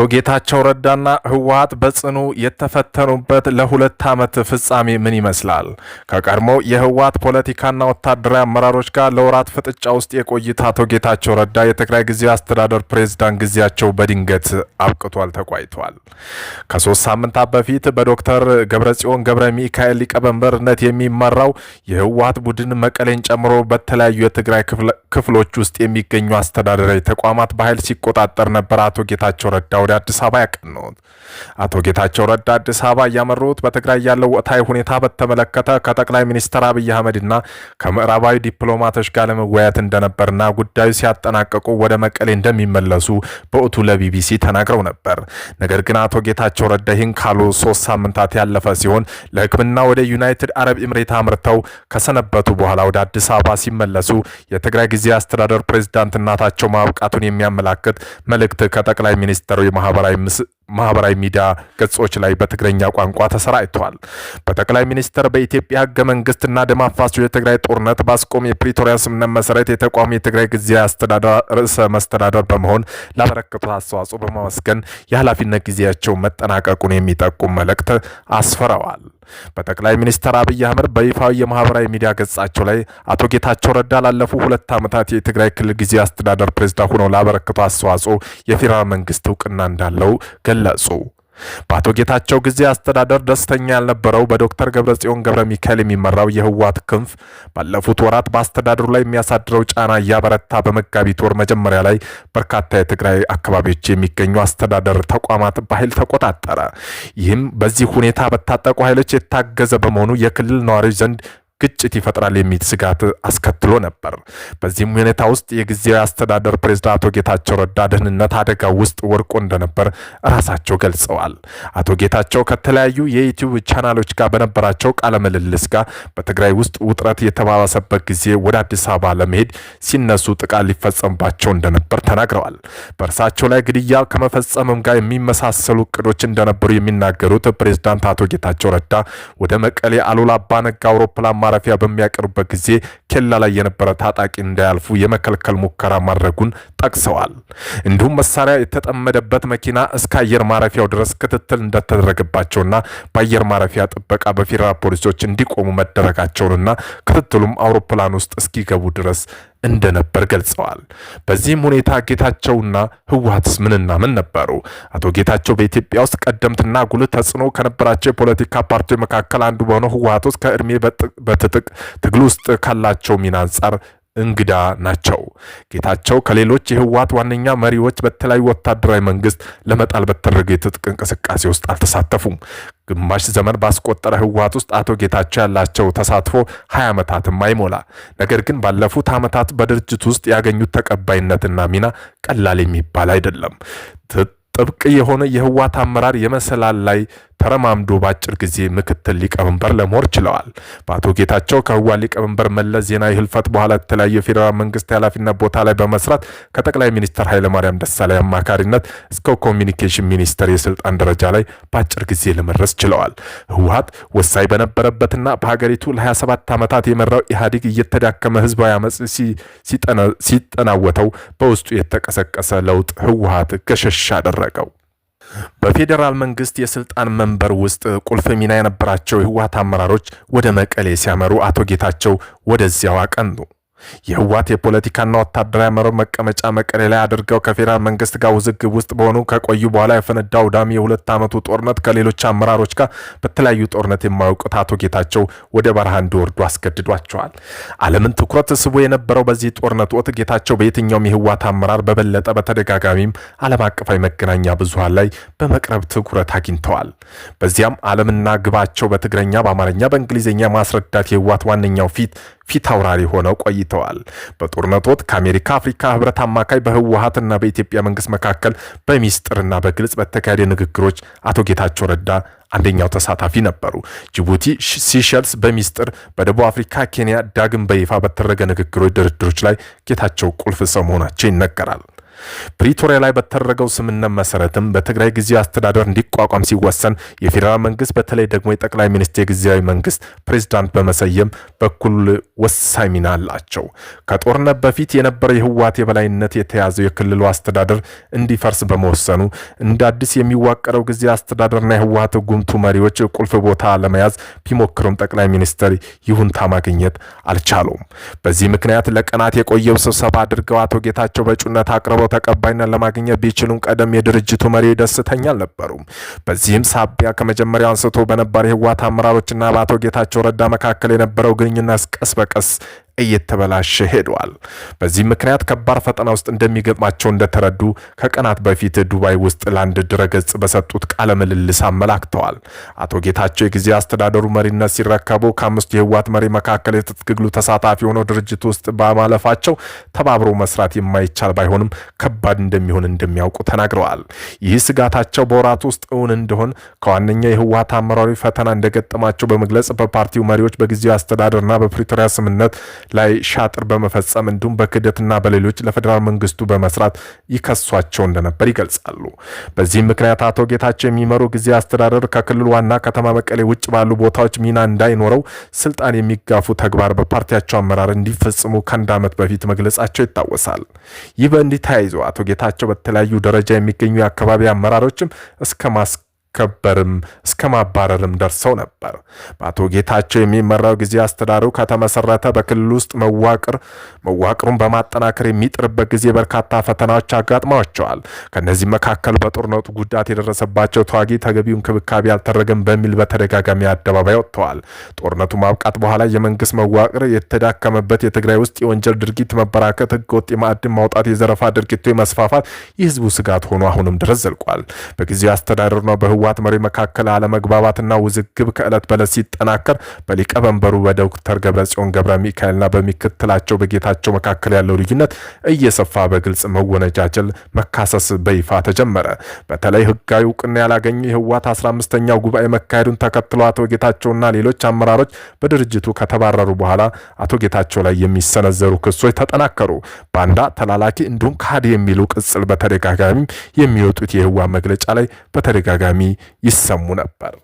አቶ ጌታቸው ረዳና ህወሀት በጽኑ የተፈተኑበት ለሁለት ዓመት ፍጻሜ ምን ይመስላል? ከቀድሞ የህወሀት ፖለቲካና ወታደራዊ አመራሮች ጋር ለወራት ፍጥጫ ውስጥ የቆይት አቶ ጌታቸው ረዳ የትግራይ ጊዜ አስተዳደር ፕሬዝዳንት ጊዜያቸው በድንገት አብቅቷል፣ ተቋይቷል። ከሶስት ሳምንታት በፊት በዶክተር ገብረጽዮን ገብረ ሚካኤል ሊቀመንበርነት የሚመራው የህወሀት ቡድን መቀሌን ጨምሮ በተለያዩ የትግራይ ክፍሎች ውስጥ የሚገኙ አስተዳደራዊ ተቋማት በኃይል ሲቆጣጠር ነበር። አቶ ጌታቸው ረዳው ወደ አዲስ አበባ ያቀኑት አቶ ጌታቸው ረዳ አዲስ አበባ እያመሩት በትግራይ ያለው ወቅታዊ ሁኔታ በተመለከተ ከጠቅላይ ሚኒስትር አብይ አህመድና ከምዕራባዊ ዲፕሎማቶች ጋር ለመወያየት እንደነበርና ጉዳዩ ሲያጠናቀቁ ወደ መቀሌ እንደሚመለሱ በእቱ ለቢቢሲ ተናግረው ነበር። ነገር ግን አቶ ጌታቸው ረዳ ይህን ካሉ ሶስት ሳምንታት ያለፈ ሲሆን ለሕክምና ወደ ዩናይትድ አረብ ኤምሬት አምርተው ከሰነበቱ በኋላ ወደ አዲስ አበባ ሲመለሱ የትግራይ ጊዜ አስተዳደር እናታቸው ማብቃቱን የሚያመላክት መልእክት ከጠቅላይ ሚኒስትሩ ማህበራዊ ሚዲያ ገጾች ላይ በትግረኛ ቋንቋ ተሰራጭተዋል። በጠቅላይ ሚኒስትር በኢትዮጵያ ህገ መንግስትና ደም የትግራይ ጦርነት ባስቆም የፕሪቶሪያ ስምምነት መሰረት የተቋሙ የትግራይ ጊዜያዊ አስተዳደር ርዕሰ መስተዳደር በመሆን ላበረከቱት አስተዋጽኦ በማመስገን የኃላፊነት ጊዜያቸው መጠናቀቁን የሚጠቁም መልእክት አስፈረዋል። በጠቅላይ ሚኒስትር አብይ አህመድ በይፋዊ የማህበራዊ ሚዲያ ገጻቸው ላይ አቶ ጌታቸው ረዳ ላለፉ ሁለት ዓመታት የትግራይ ክልል ጊዜ አስተዳደር ፕሬዝዳንት ሆነው ላበረከቱ አስተዋጽኦ የፌዴራል መንግስት እውቅና እንዳለው ገለጹ። በአቶ ጌታቸው ጊዜ አስተዳደር ደስተኛ ያልነበረው በዶክተር ገብረጽዮን ገብረ ሚካኤል የሚመራው የህወሓት ክንፍ ባለፉት ወራት በአስተዳደሩ ላይ የሚያሳድረው ጫና እያበረታ በመጋቢት ወር መጀመሪያ ላይ በርካታ የትግራይ አካባቢዎች የሚገኙ አስተዳደር ተቋማት በኃይል ተቆጣጠረ። ይህም በዚህ ሁኔታ በታጠቁ ኃይሎች የታገዘ በመሆኑ የክልል ነዋሪዎች ዘንድ ግጭት ይፈጥራል የሚል ስጋት አስከትሎ ነበር። በዚህም ሁኔታ ውስጥ የጊዜያዊ አስተዳደር ፕሬዝዳንት አቶ ጌታቸው ረዳ ደህንነት አደጋ ውስጥ ወርቆ እንደነበር ራሳቸው ገልጸዋል። አቶ ጌታቸው ከተለያዩ የዩቲዩብ ቻናሎች ጋር በነበራቸው ቃለ ምልልስ ጋር በትግራይ ውስጥ ውጥረት የተባባሰበት ጊዜ ወደ አዲስ አበባ ለመሄድ ሲነሱ ጥቃት ሊፈጸምባቸው እንደነበር ተናግረዋል። በእርሳቸው ላይ ግድያ ከመፈጸምም ጋር የሚመሳሰሉ እቅዶች እንደነበሩ የሚናገሩት ፕሬዝዳንት አቶ ጌታቸው ረዳ ወደ መቀሌ አሉላ አባነጋ አውሮፕላን ማረፊያ በሚያቀርብበት ጊዜ ኬላ ላይ የነበረ ታጣቂ እንዳያልፉ የመከልከል ሙከራ ማድረጉን ጠቅሰዋል። እንዲሁም መሳሪያ የተጠመደበት መኪና እስከ አየር ማረፊያው ድረስ ክትትል እንደተደረገባቸውና በአየር ማረፊያ ጥበቃ በፌዴራል ፖሊሶች እንዲቆሙ መደረጋቸውንና ክትትሉም አውሮፕላን ውስጥ እስኪገቡ ድረስ እንደነበር ገልጸዋል። በዚህም ሁኔታ ጌታቸውና ህወሀትስ ምንና ምን ነበሩ? አቶ ጌታቸው በኢትዮጵያ ውስጥ ቀደምትና ጉልህ ተጽዕኖ ከነበራቸው የፖለቲካ ፓርቲዎች መካከል አንዱ በሆነው ህወሀት ውስጥ ከእድሜ በትጥቅ ትግል ውስጥ ካላቸው ሚና አንጻር እንግዳ ናቸው። ጌታቸው ከሌሎች የህወሓት ዋነኛ መሪዎች በተለያዩ ወታደራዊ መንግስት ለመጣል በተደረገ የትጥቅ እንቅስቃሴ ውስጥ አልተሳተፉም። ግማሽ ዘመን ባስቆጠረ ህወሓት ውስጥ አቶ ጌታቸው ያላቸው ተሳትፎ ሀያ ዓመታትም አይሞላ። ነገር ግን ባለፉት ዓመታት በድርጅት ውስጥ ያገኙት ተቀባይነትና ሚና ቀላል የሚባል አይደለም። ጥብቅ የሆነ የህወሓት አመራር የመሰላል ላይ ተረማምዶ በአጭር ጊዜ ምክትል ሊቀመንበር ለመሆን ችለዋል። በአቶ ጌታቸው ከህዋ ሊቀመንበር መለስ ዜናዊ ህልፈት በኋላ የተለያዩ የፌዴራል መንግስት ኃላፊነት ቦታ ላይ በመስራት ከጠቅላይ ሚኒስትር ኃይለማርያም ደሳለኝ አማካሪነት እስከ ኮሚኒኬሽን ሚኒስትር የስልጣን ደረጃ ላይ በአጭር ጊዜ ለመድረስ ችለዋል። ህወሓት ወሳኝ በነበረበትና በሀገሪቱ ለ27 ዓመታት የመራው ኢህአዴግ እየተዳከመ ህዝባዊ አመፅ ሲጠናወተው በውስጡ የተቀሰቀሰ ለውጥ ህወሓት ገሸሽ አደረገው። በፌዴራል መንግስት የስልጣን መንበር ውስጥ ቁልፍ ሚና የነበራቸው የህወሀት አመራሮች ወደ መቀሌ ሲያመሩ አቶ ጌታቸው ወደዚያው አቀኑ። የህዋት የፖለቲካና ወታደራዊ አመራር መቀመጫ መቀሌ ላይ አድርገው ከፌዴራል መንግስት ጋር ውዝግብ ውስጥ በሆኑ ከቆዩ በኋላ የፈነዳ አውዳሚ የሁለት ዓመቱ ጦርነት ከሌሎች አመራሮች ጋር በተለያዩ ጦርነት የማያውቁት አቶ ጌታቸው ወደ በረሃ እንዲወርዱ አስገድዷቸዋል። ዓለምን ትኩረት ስቦ የነበረው በዚህ ጦርነት ወቅት ጌታቸው በየትኛውም የህዋት አመራር በበለጠ በተደጋጋሚም ዓለም አቀፋዊ መገናኛ ብዙሃን ላይ በመቅረብ ትኩረት አግኝተዋል። በዚያም ዓለምና ግባቸው በትግረኛ፣ በአማርኛ፣ በእንግሊዝኛ ማስረዳት የህዋት ዋነኛው ፊት ፊት አውራሪ ሆነው ቆይተዋል። በጦርነት ወቅት ከአሜሪካ አፍሪካ ህብረት አማካይ በህወሀትና በኢትዮጵያ መንግስት መካከል በሚስጥርና በግልጽ በተካሄደ ንግግሮች አቶ ጌታቸው ረዳ አንደኛው ተሳታፊ ነበሩ። ጅቡቲ፣ ሲሸልስ በሚስጥር በደቡብ አፍሪካ፣ ኬንያ ዳግም በይፋ በተደረገ ንግግሮች፣ ድርድሮች ላይ ጌታቸው ቁልፍ ሰው መሆናቸው ይነገራል። ፕሪቶሪያ ላይ በተደረገው ስምምነት መሰረትም በትግራይ ጊዜያዊ አስተዳደር እንዲቋቋም ሲወሰን የፌዴራል መንግስት በተለይ ደግሞ የጠቅላይ ሚኒስትር ጊዜያዊ መንግስት ፕሬዚዳንት በመሰየም በኩል ወሳኝ ሚና አላቸው። ከጦርነት በፊት የነበረው የህወሓት የበላይነት የተያዘው የክልሉ አስተዳደር እንዲፈርስ በመወሰኑ እንደ አዲስ የሚዋቀረው ጊዜያዊ አስተዳደርና የህወሓት ጉምቱ መሪዎች ቁልፍ ቦታ ለመያዝ ቢሞክሩም ጠቅላይ ሚኒስትር ይሁንታ ማግኘት አልቻሉም። በዚህ ምክንያት ለቀናት የቆየው ስብሰባ አድርገው አቶ ጌታቸው በእጩነት አቅርበው ተቀባይነት ለማግኘት ቢችሉም ቀደም የድርጅቱ መሪ ደስተኛ አልነበሩም። በዚህም ሳቢያ ከመጀመሪያው አንስቶ በነባር የህወሓት አመራሮችና በአቶ ጌታቸው ረዳ መካከል የነበረው ግንኙነት ቀስ በቀስ እየተበላሸ ሄደዋል። በዚህ ምክንያት ከባድ ፈጠና ውስጥ እንደሚገጥማቸው እንደተረዱ ከቀናት በፊት ዱባይ ውስጥ ለአንድ ድረገጽ በሰጡት ቃለ ምልልስ አመላክተዋል። አቶ ጌታቸው የጊዜ አስተዳደሩ መሪነት ሲረከቡ ከአምስቱ የህወሓት መሪ መካከል የትጥቅ ተሳታፊ የሆነው ድርጅት ውስጥ በማለፋቸው ተባብሮ መስራት የማይቻል ባይሆንም ከባድ እንደሚሆን እንደሚያውቁ ተናግረዋል። ይህ ስጋታቸው በወራት ውስጥ እውን እንደሆን ከዋነኛ የህወሓት አመራሪ ፈተና እንደገጠማቸው በመግለጽ በፓርቲው መሪዎች በጊዜው አስተዳደርና በፕሪቶሪያ ስምነት ላይ ሻጥር በመፈጸም እንዲሁም በክደትና በሌሎች ለፌዴራል መንግስቱ በመስራት ይከሷቸው እንደነበር ይገልጻሉ። በዚህም ምክንያት አቶ ጌታቸው የሚመሩ ጊዜ አስተዳደር ከክልል ዋና ከተማ መቀሌ ውጭ ባሉ ቦታዎች ሚና እንዳይኖረው ስልጣን የሚጋፉ ተግባር በፓርቲያቸው አመራር እንዲፈጽሙ ከአንድ ዓመት በፊት መግለጻቸው ይታወሳል። ይህ በእንዲህ ተያይዞ አቶ ጌታቸው በተለያዩ ደረጃ የሚገኙ የአካባቢ አመራሮችም እስከ ማስ ማስከበርም እስከ ማባረርም ደርሰው ነበር። በአቶ ጌታቸው የሚመራው ጊዜ አስተዳደሩ ከተመሰረተ በክልል ውስጥ መዋቅር መዋቅሩን በማጠናከር የሚጥርበት ጊዜ በርካታ ፈተናዎች አጋጥመዋቸዋል። ከእነዚህ መካከል በጦርነቱ ጉዳት የደረሰባቸው ተዋጊ ተገቢው እንክብካቤ አልተደረገም በሚል በተደጋጋሚ አደባባይ ወጥተዋል። ጦርነቱ ማብቃት በኋላ የመንግስት መዋቅር የተዳከመበት የትግራይ ውስጥ የወንጀል ድርጊት መበራከት፣ ህገወጥ የማዕድን ማውጣት፣ የዘረፋ ድርጊቱ መስፋፋት የህዝቡ ስጋት ሆኖ አሁንም ድረስ ዘልቋል። በጊዜው አስተዳደር ነው በህዋ በህወሓት መሪ መካከል አለመግባባትና ውዝግብ ከዕለት በዕለት ሲጠናከር በሊቀመንበሩ በዶክተር ገብረጽዮን ገብረ ሚካኤልና በሚክትላቸው በጌታቸው መካከል ያለው ልዩነት እየሰፋ በግልጽ መወነጃጀል፣ መካሰስ በይፋ ተጀመረ። በተለይ ህጋዊ እውቅና ያላገኘ የህወሓት አስራ አምስተኛው ጉባኤ መካሄዱን ተከትሎ አቶ ጌታቸውና ሌሎች አመራሮች በድርጅቱ ከተባረሩ በኋላ አቶ ጌታቸው ላይ የሚሰነዘሩ ክሶች ተጠናከሩ። ባንዳ፣ ተላላኪ እንዲሁም ካድ የሚሉ ቅጽል በተደጋጋሚ የሚወጡት የህዋ መግለጫ ላይ በተደጋጋሚ ይሰሙ ነበር።